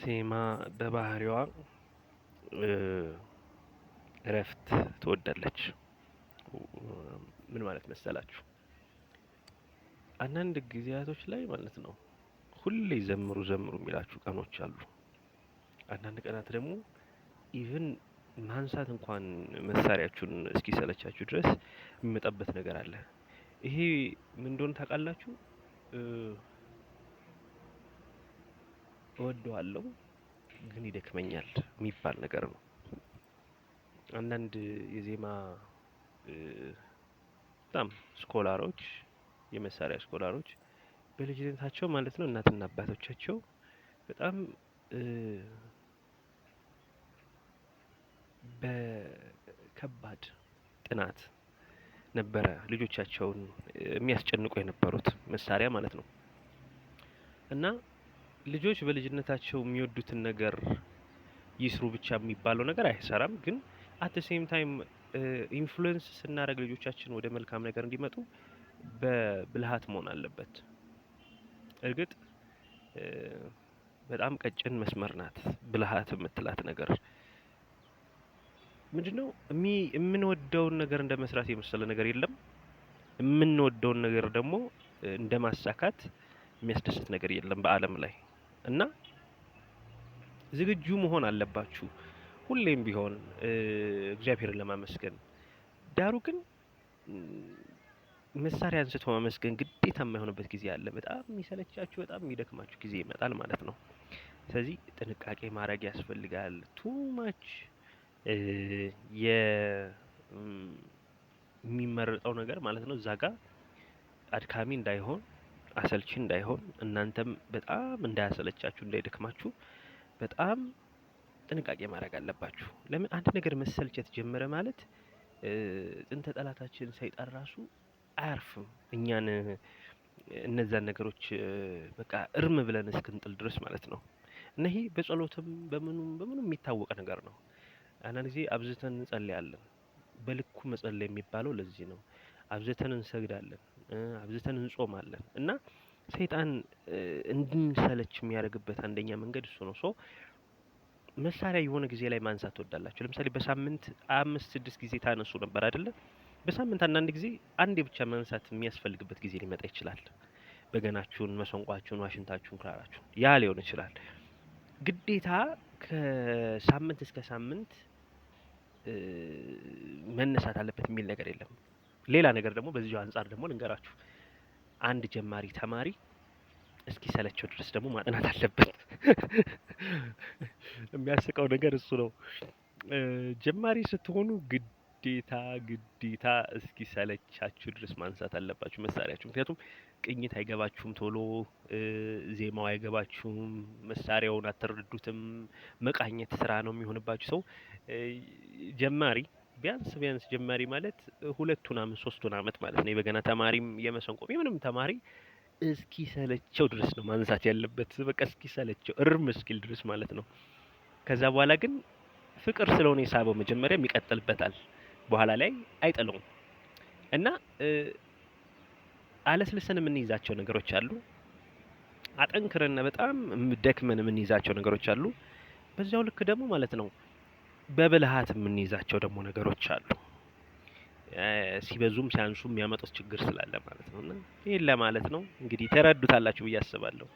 ሴማ በባህሪዋ እረፍት ትወዳለች። ምን ማለት መሰላችሁ? አንዳንድ ጊዜያቶች ላይ ማለት ነው ሁሌ ዘምሩ ዘምሩ የሚላችሁ ቀኖች አሉ። አንዳንድ ቀናት ደግሞ ኢቭን ማንሳት እንኳን መሳሪያችሁን እስኪሰለቻችሁ ድረስ የሚመጣበት ነገር አለ። ይሄ ምን እንደሆነ ታውቃላችሁ? እወደዋለሁ ግን ይደክመኛል የሚባል ነገር ነው። አንዳንድ የዜማ በጣም ስኮላሮች የመሳሪያ ስኮላሮች በልጅነታቸው ማለት ነው እናትና አባቶቻቸው በጣም በከባድ ጥናት ነበረ ልጆቻቸውን የሚያስጨንቁ የነበሩት መሳሪያ ማለት ነው እና ልጆች በልጅነታቸው የሚወዱትን ነገር ይስሩ ብቻ የሚባለው ነገር አይሰራም። ግን አት ሴም ታይም ኢንፍሉዌንስ ስናደርግ ልጆቻችን ወደ መልካም ነገር እንዲመጡ በብልሃት መሆን አለበት። እርግጥ በጣም ቀጭን መስመር ናት ብልሃት የምትላት ነገር ምንድነው? የምንወደውን ነገር እንደ መስራት የመሰለ ነገር የለም። የምንወደውን ነገር ደግሞ እንደ ማሳካት የሚያስደስት ነገር የለም በዓለም ላይ። እና ዝግጁ መሆን አለባችሁ ሁሌም ቢሆን እግዚአብሔርን ለማመስገን። ዳሩ ግን መሳሪያ አንስቶ ማመስገን ግዴታ የማይሆንበት ጊዜ አለ። በጣም የሚሰለቻችሁ፣ በጣም የሚደክማችሁ ጊዜ ይመጣል ማለት ነው። ስለዚህ ጥንቃቄ ማድረግ ያስፈልጋል። ቱማች የሚመረጠው ነገር ማለት ነው እዛ ጋር አድካሚ እንዳይሆን አሰልቺ እንዳይሆን እናንተም በጣም እንዳያሰለቻችሁ እንዳይደክማችሁ በጣም ጥንቃቄ ማድረግ አለባችሁ። ለምን አንድ ነገር መሰልቸት ጀመረ ማለት ጥንተ ጠላታችን ሰይጣን ራሱ አያርፍም እኛን እነዛን ነገሮች በቃ እርም ብለን እስክንጥል ድረስ ማለት ነው። እና ይሄ በጸሎትም በምኑም በምኑም የሚታወቅ ነገር ነው። አንዳንድ ጊዜ አብዝተን እንጸልያለን። በልኩ መጸለይ የሚባለው ለዚህ ነው። አብዝተን እንሰግዳለን። አብዝተን እንጾማለን እና ሰይጣን እንድንሰለች የሚያደርግበት አንደኛ መንገድ እሱ ነው። ሶ መሳሪያ የሆነ ጊዜ ላይ ማንሳት ትወዳላችሁ። ለምሳሌ በሳምንት አምስት ስድስት ጊዜ ታነሱ ነበር አይደለ? በሳምንት አንዳንድ ጊዜ አንዴ ብቻ ማንሳት የሚያስፈልግበት ጊዜ ሊመጣ ይችላል። በገናችሁን፣ መሰንቋችሁን፣ ዋሽንታችሁን፣ ክራራችሁን ያ ሊሆን ይችላል። ግዴታ ከሳምንት እስከ ሳምንት መነሳት አለበት የሚል ነገር የለም። ሌላ ነገር ደግሞ በዚሁ አንጻር ደግሞ ልንገራችሁ። አንድ ጀማሪ ተማሪ እስኪ ሰለቸው ድረስ ደግሞ ማጥናት አለበት። የሚያስቀው ነገር እሱ ነው። ጀማሪ ስትሆኑ ግዴታ ግዴታ እስኪ ሰለቻችሁ ድረስ ማንሳት አለባችሁ መሳሪያችሁ። ምክንያቱም ቅኝት አይገባችሁም ቶሎ፣ ዜማው አይገባችሁም፣ መሳሪያውን አትረዱትም፣ መቃኘት ስራ ነው የሚሆንባችሁ። ሰው ጀማሪ ቢያንስ ቢያንስ ጀማሪ ማለት ሁለቱን አመት ሶስቱን አመት ማለት ነው። የበገና ተማሪም የመሰንቆ ምንም ተማሪ እስኪሰለቸው ድረስ ነው ማንሳት ያለበት። በቃ እስኪሰለቸው እርም እስኪል ድረስ ማለት ነው። ከዛ በኋላ ግን ፍቅር ስለሆነ የሳበው መጀመሪያም ይቀጥልበታል። በኋላ ላይ አይጠለውም እና አለስልሰን የምንይዛቸው ነገሮች አሉ። አጠንክረን በጣም ደክመን የምንይዛቸው ነገሮች አሉ። በዚያው ልክ ደግሞ ማለት ነው በብልሃት የምንይዛቸው ደግሞ ነገሮች አሉ። ሲበዙም ሲያንሱም የሚያመጡት ችግር ስላለ ማለት ነው እና ለማለት ነው። እንግዲህ ተረዱታላችሁ ብዬ አስባለሁ